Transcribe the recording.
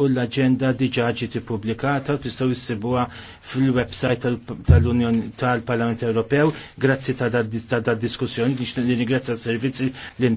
u l-agenda diġa ġiet publikata u tistgħu issibuha fil-website tal-Unjoni tal-Parlament Ewropew. Grazzi ta' dal diskussjoni nixtieq nirringrazzja s-servizzi l